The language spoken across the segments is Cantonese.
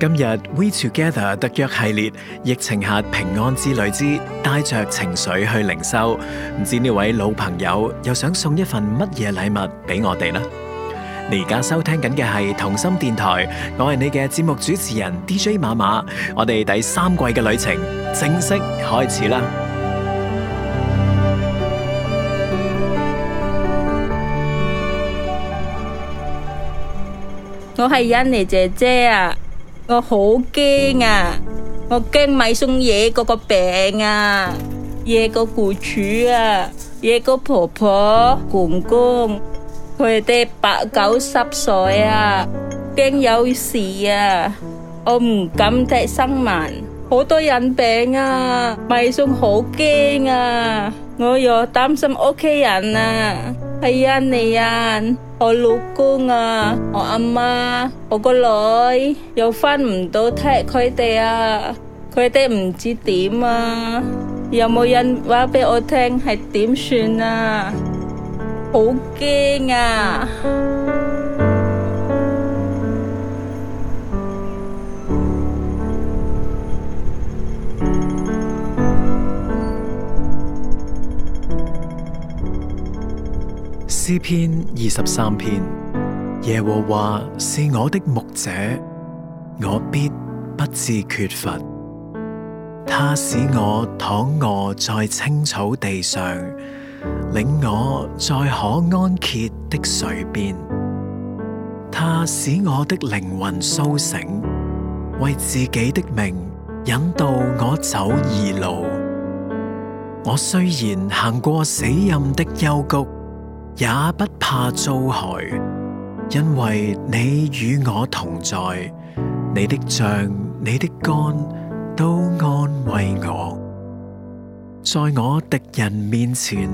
今日 We Together 特約系列，疫情下平安之旅之帶着情緒去靈修，唔知呢位老朋友又想送一份乜嘢禮物俾我哋呢？你而家收聽緊嘅係同心電台，我係你嘅節目主持人 DJ 馬馬，我哋第三季嘅旅程正式開始啦！我係欣妮姐姐啊！我好驚啊！我驚買餸惹嗰個病啊，惹個僱主啊，惹個婆婆公公，佢哋八九十歲啊，驚有事啊！我唔敢睇新聞，好多人病啊，買餸好驚啊！我又擔心屋企人啊，係、哎、啊，你啊。我老公啊，我阿媽，我個女又返唔到睇佢哋啊，佢哋唔知點啊，有冇人話畀我聽係點算啊？好驚啊！詩篇二十三篇：耶和華是我的牧者，我必不致缺乏。他使我躺臥在青草地上，領我在可安歇的水邊。他使我的靈魂甦醒，為自己的名引導我走義路。我雖然行過死蔭的幽谷，也不怕遭害，因為你與我同在，你的杖、你的竿都安慰我，在我敵人面前，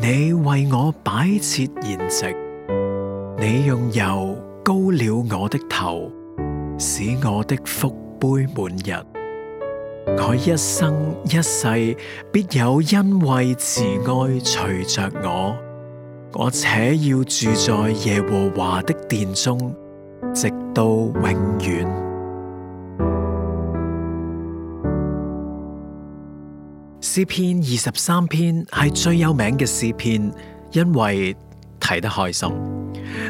你為我擺設筵席，你用油膏了我的頭，使我的福杯滿溢。我一生一世必有恩惠慈愛隨着我。我且要住在耶和華的殿中，直到永遠。詩 篇二十三篇係最有名嘅詩篇，因為睇得開心，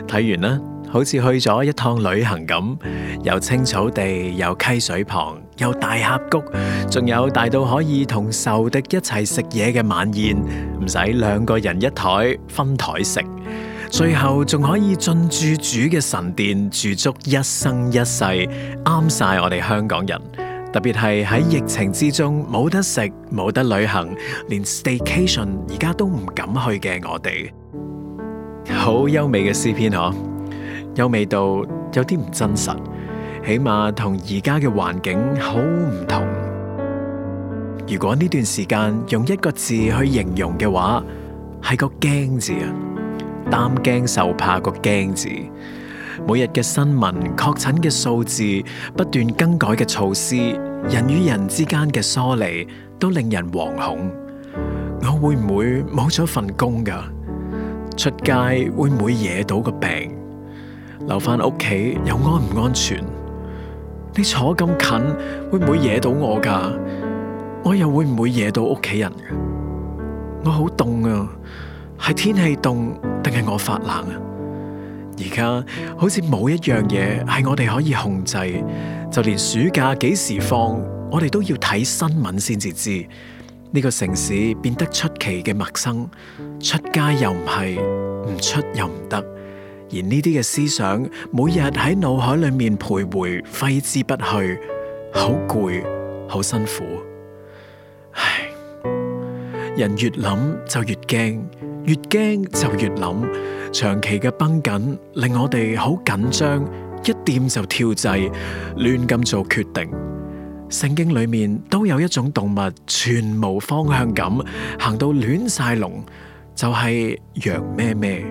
睇完啦，好似去咗一趟旅行咁，有青草地，有溪水旁。有大峽谷，仲有大到可以同仇敵一齊食嘢嘅晚宴，唔使兩個人一台分台食。最後仲可以進駐主嘅神殿，駐足一生一世，啱晒我哋香港人。特別係喺疫情之中冇得食、冇得旅行，連 staycation 而家都唔敢去嘅我哋，好優美嘅詩篇嗬，優美到有啲唔真實。起碼同而家嘅環境好唔同。如果呢段時間用一個字去形容嘅話，係個驚字啊，擔驚受怕個驚字。每日嘅新聞、確診嘅數字、不斷更改嘅措施、人與人之間嘅疏離，都令人惶恐。我會唔會冇咗份工㗎？出街會唔會惹到個病？留返屋企又安唔安全？你坐咁近會唔會惹到我噶？我又會唔會惹到屋企人？我好凍啊！係天氣凍定係我發冷啊？而家好似冇一樣嘢係我哋可以控制，就連暑假幾時放，我哋都要睇新聞先至知。呢個城市變得出奇嘅陌生，出街又唔係，唔出又唔得。而呢啲嘅思想每日喺腦海裏面徘徊揮之不去，好攰，好辛苦。唉，人越諗就越驚，越驚就越諗，長期嘅繃緊令我哋好緊張，一掂就跳掣，亂咁做決定。聖經裏面都有一種動物，全無方向感，行到亂晒龍，就係羊咩咩。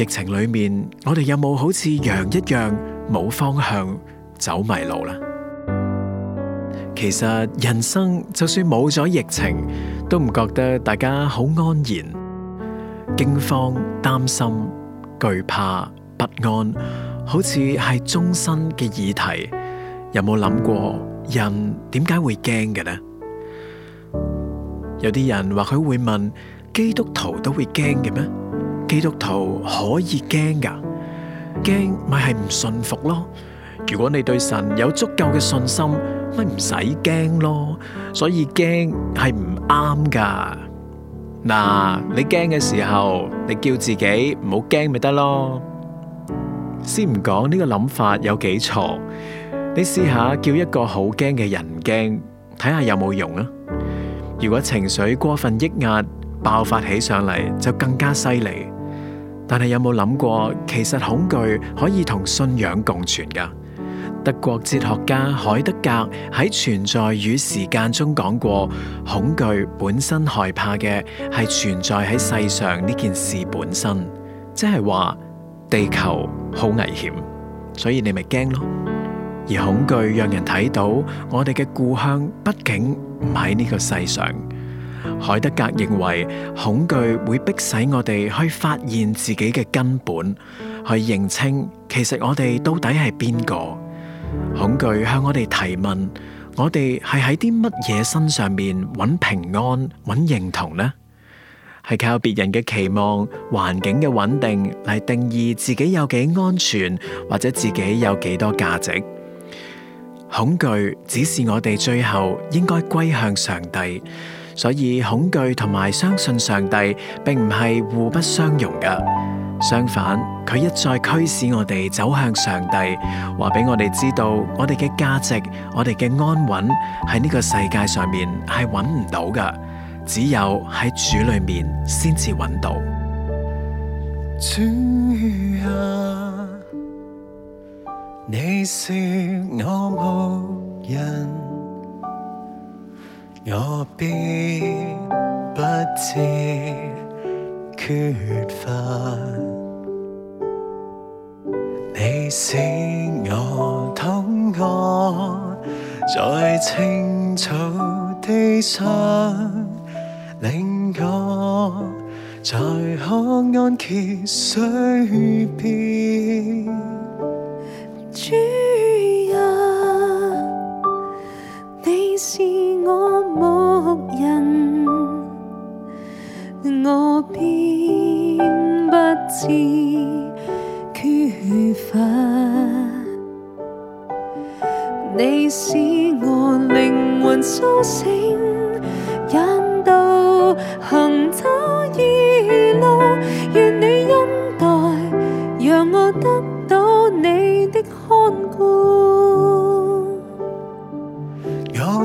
疫情裏面，我哋有冇好似羊一樣冇方向走迷路啦？其實人生就算冇咗疫情，都唔覺得大家好安然。驚慌、擔心、懼怕、不安，好似係終身嘅議題。有冇諗過人點解會驚嘅呢？有啲人或許會問：基督徒都會驚嘅咩？基督徒可以驚噶，驚咪係唔信服咯。如果你對神有足夠嘅信心，咪唔使驚咯。所以驚係唔啱噶。嗱，你驚嘅時候，你叫自己唔好驚咪得咯。先唔講呢個諗法有幾錯，你試下叫一個好驚嘅人驚，睇下有冇用啊。如果情緒過分抑壓，爆發起上嚟就更加犀利。但係有冇諗過，其實恐懼可以同信仰共存噶？德國哲學家海德格喺《存在與時間》中講過，恐懼本身害怕嘅係存在喺世上呢件事本身，即係話地球好危險，所以你咪驚咯。而恐懼讓人睇到我哋嘅故鄉，畢竟唔喺呢個世上。海德格認為恐懼會迫使我哋去發現自己嘅根本，去認清其實我哋到底係邊個。恐懼向我哋提問，我哋係喺啲乜嘢身上面揾平安、揾認同呢？係靠別人嘅期望、環境嘅穩定嚟定義自己有幾安全，或者自己有幾多價值？恐懼指示我哋最後應該歸向上帝。所以恐懼同埋相信上帝，並唔係互不相容噶。相反，佢一再驅使我哋走向上帝，話俾我哋知道，我哋嘅價值、我哋嘅安穩喺呢個世界上面係揾唔到噶，只有喺主裏面先至揾到。轉下、啊，你是我牧人。我必不致缺乏，你使我躺臥在青草地上，領我在可安歇的水邊。是我牧人，我便不致缺乏。你使我靈魂甦醒。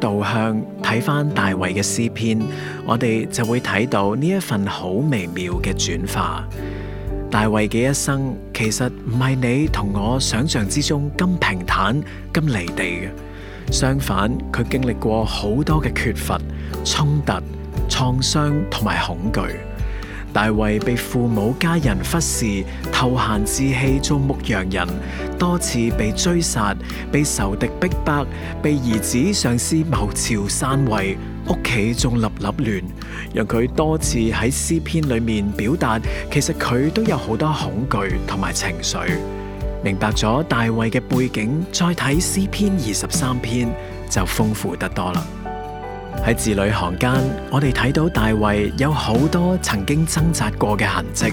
導向睇翻大衛嘅詩篇，我哋就會睇到呢一份好微妙嘅轉化。大衛嘅一生其實唔係你同我想象之中咁平坦，咁離地嘅，相反，佢經歷過好多嘅缺乏、衝突、創傷同埋恐懼。大衛被父母家人忽視，投閒置散做牧羊人，多次被追殺，被仇敵逼迫，被兒子上司謀朝篡位，屋企仲立立亂，讓佢多次喺詩篇裏面表達，其實佢都有好多恐懼同埋情緒。明白咗大衛嘅背景，再睇詩篇二十三篇就豐富得多啦。喺字裏行間，我哋睇到大衛有好多曾經掙扎過嘅痕跡，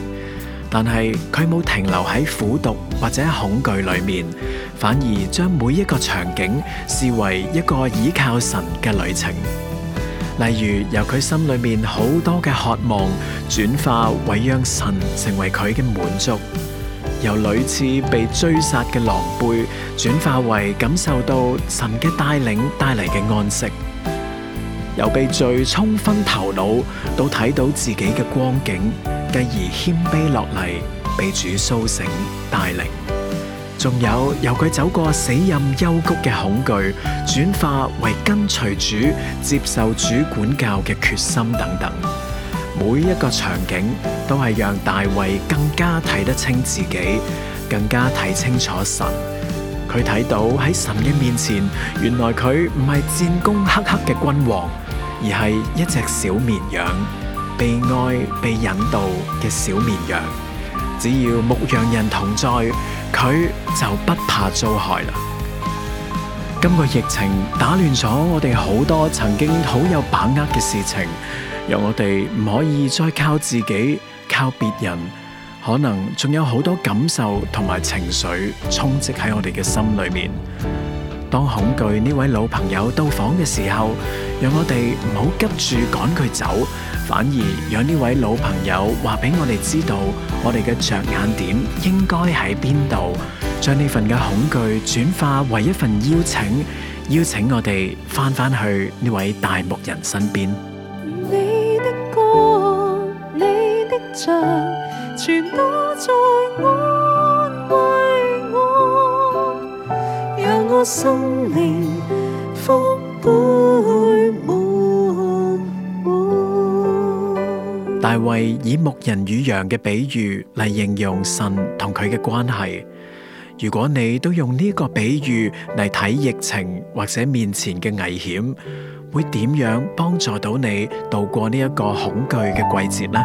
但係佢冇停留喺苦毒或者恐懼裏面，反而將每一個場景視為一個倚靠神嘅旅程。例如，由佢心裏面好多嘅渴望轉化為讓神成為佢嘅滿足；由屢次被追殺嘅狼狽轉化為感受到神嘅帶領帶嚟嘅安息。由被罪沖昏頭腦到睇到自己嘅光景，繼而謙卑落嚟，被主甦醒帶領。仲有由佢走過死蔭幽谷嘅恐懼，轉化為跟隨主、接受主管教嘅決心等等。每一個場景都係讓大衛更加睇得清自己，更加睇清楚神。佢睇到喺神嘅面前，原來佢唔係戰功赫赫嘅君王。而係一隻小綿羊，被愛被引導嘅小綿羊，只要牧羊人同在，佢就不怕遭害啦。今個疫情打亂咗我哋好多曾經好有把握嘅事情，讓我哋唔可以再靠自己、靠別人，可能仲有好多感受同埋情緒充斥喺我哋嘅心裏面。當恐懼呢位老朋友到訪嘅時候，讓我哋唔好急住趕佢走，反而讓呢位老朋友話俾我哋知道，我哋嘅着眼點應該喺邊度，將呢份嘅恐懼轉化為一份邀請，邀請我哋翻返去呢位大牧人身邊。你的杖，你的竿，全都在我。大衛以牧人與羊嘅比喻嚟形容神同佢嘅關係。如果你都用呢個比喻嚟睇疫情或者面前嘅危險，會點樣幫助到你度過呢一個恐懼嘅季節呢？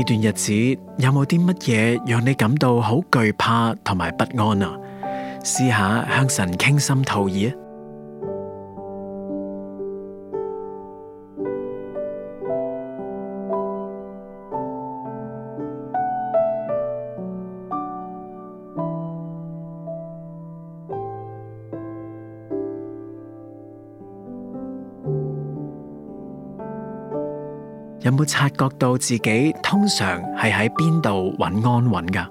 呢段日子有冇啲乜嘢讓你感到好懼怕同埋不安啊？試下向神傾心吐意。有冇察覺到自己通常係喺邊度揾安穩㗎？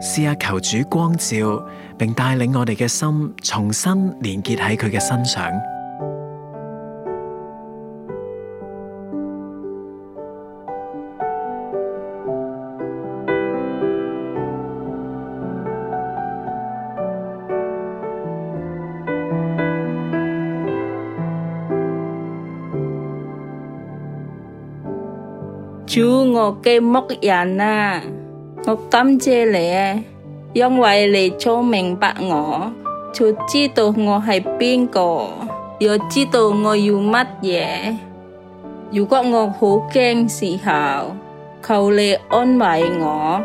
試下求主光照，并帶領我哋嘅心重新連結喺佢嘅身上。主我嘅牧人啊，我感謝你，啊，因為你最明白我，就知道我係邊個，又知道我要乜嘢。如果我好驚時候，求你安慰我，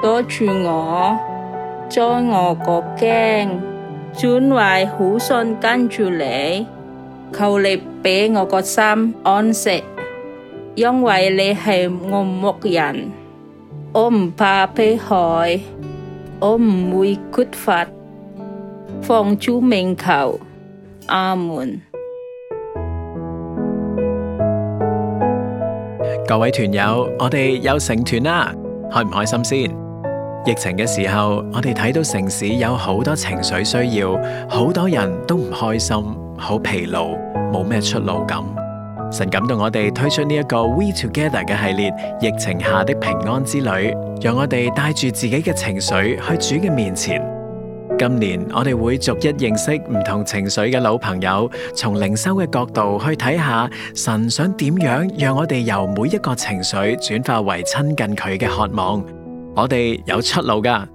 拖住我，將我個驚，轉為好信跟住你，求你俾我個心安息。因為你係我牧人，我唔怕遭害，我唔會有缺乏，奉主名求。阿門。各位團友，我哋又成團啦，開唔開心先？疫情嘅時候，我哋睇到城市有好多情緒需要，好多人都唔開心，好疲勞，冇咩出路咁。神感動我哋推出呢一個 We Together 嘅系列，疫情下的平安之旅，讓我哋帶住自己嘅情緒去主嘅面前。今年我哋會逐一認識唔同情緒嘅老朋友，從靈修嘅角度去睇下神想點樣，讓我哋由每一個情緒轉化為親近佢嘅渴望。我哋有出路㗎。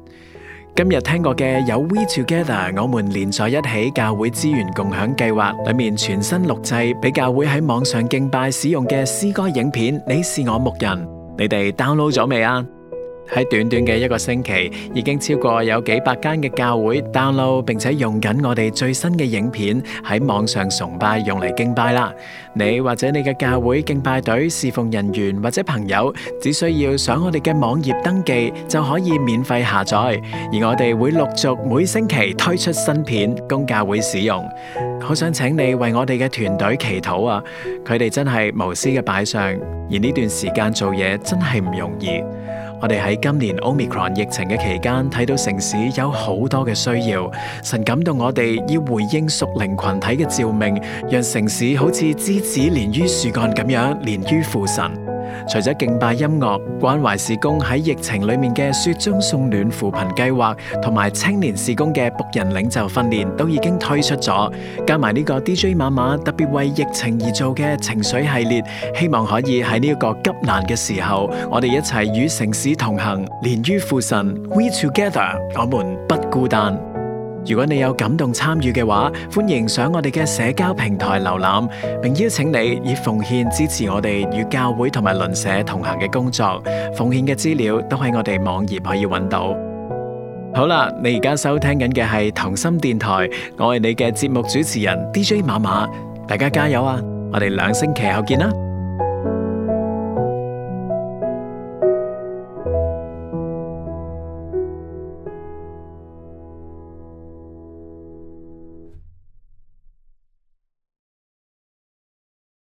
今日聽過嘅有 We Together，我們連在一起教會資源共享計劃裏面全新錄製俾教會喺網上敬拜使用嘅詩歌影片，祢是我牧人，你哋 download 咗未啊？喺短短嘅一個星期，已經超過有幾百間嘅教會 download，並且用緊我哋最新嘅影片喺網上崇拜用嚟敬拜啦。你或者你嘅教會敬拜隊、侍奉人員或者朋友，只需要上我哋嘅網頁登記就可以免費下載。而我哋會陸續每星期推出新片供教會使用。好想請你為我哋嘅團隊祈禱啊！佢哋真係無私嘅擺上，而呢段時間做嘢真係唔容易。我哋喺今年 Omicron 疫情嘅期間，睇到城市有好多嘅需要，神感動我哋要回應屬靈群體嘅召命，讓城市好似枝子連於樹幹咁樣，連於父神。除咗敬拜音樂，關懷事工喺疫情裏面嘅雪中送暖扶貧計劃，同埋青年事工嘅僕人領袖訓練都已經推出咗，加埋呢個 DJ 馬馬特別為疫情而做嘅情緒系列，希望可以喺呢一個急難嘅時候，我哋一齊與城市同行，連於父神，We Together，我們不孤單。如果你有感動參與嘅話，歡迎上我哋嘅社交平台瀏覽，並邀請你以奉獻支持我哋與教會同埋鄰舍同行嘅工作。奉獻嘅資料都喺我哋網頁可以揾到好啦，你而家收聽緊嘅係同心電台，我係你嘅節目主持人 DJ 馬馬，大家加油啊！我哋兩星期後見啦。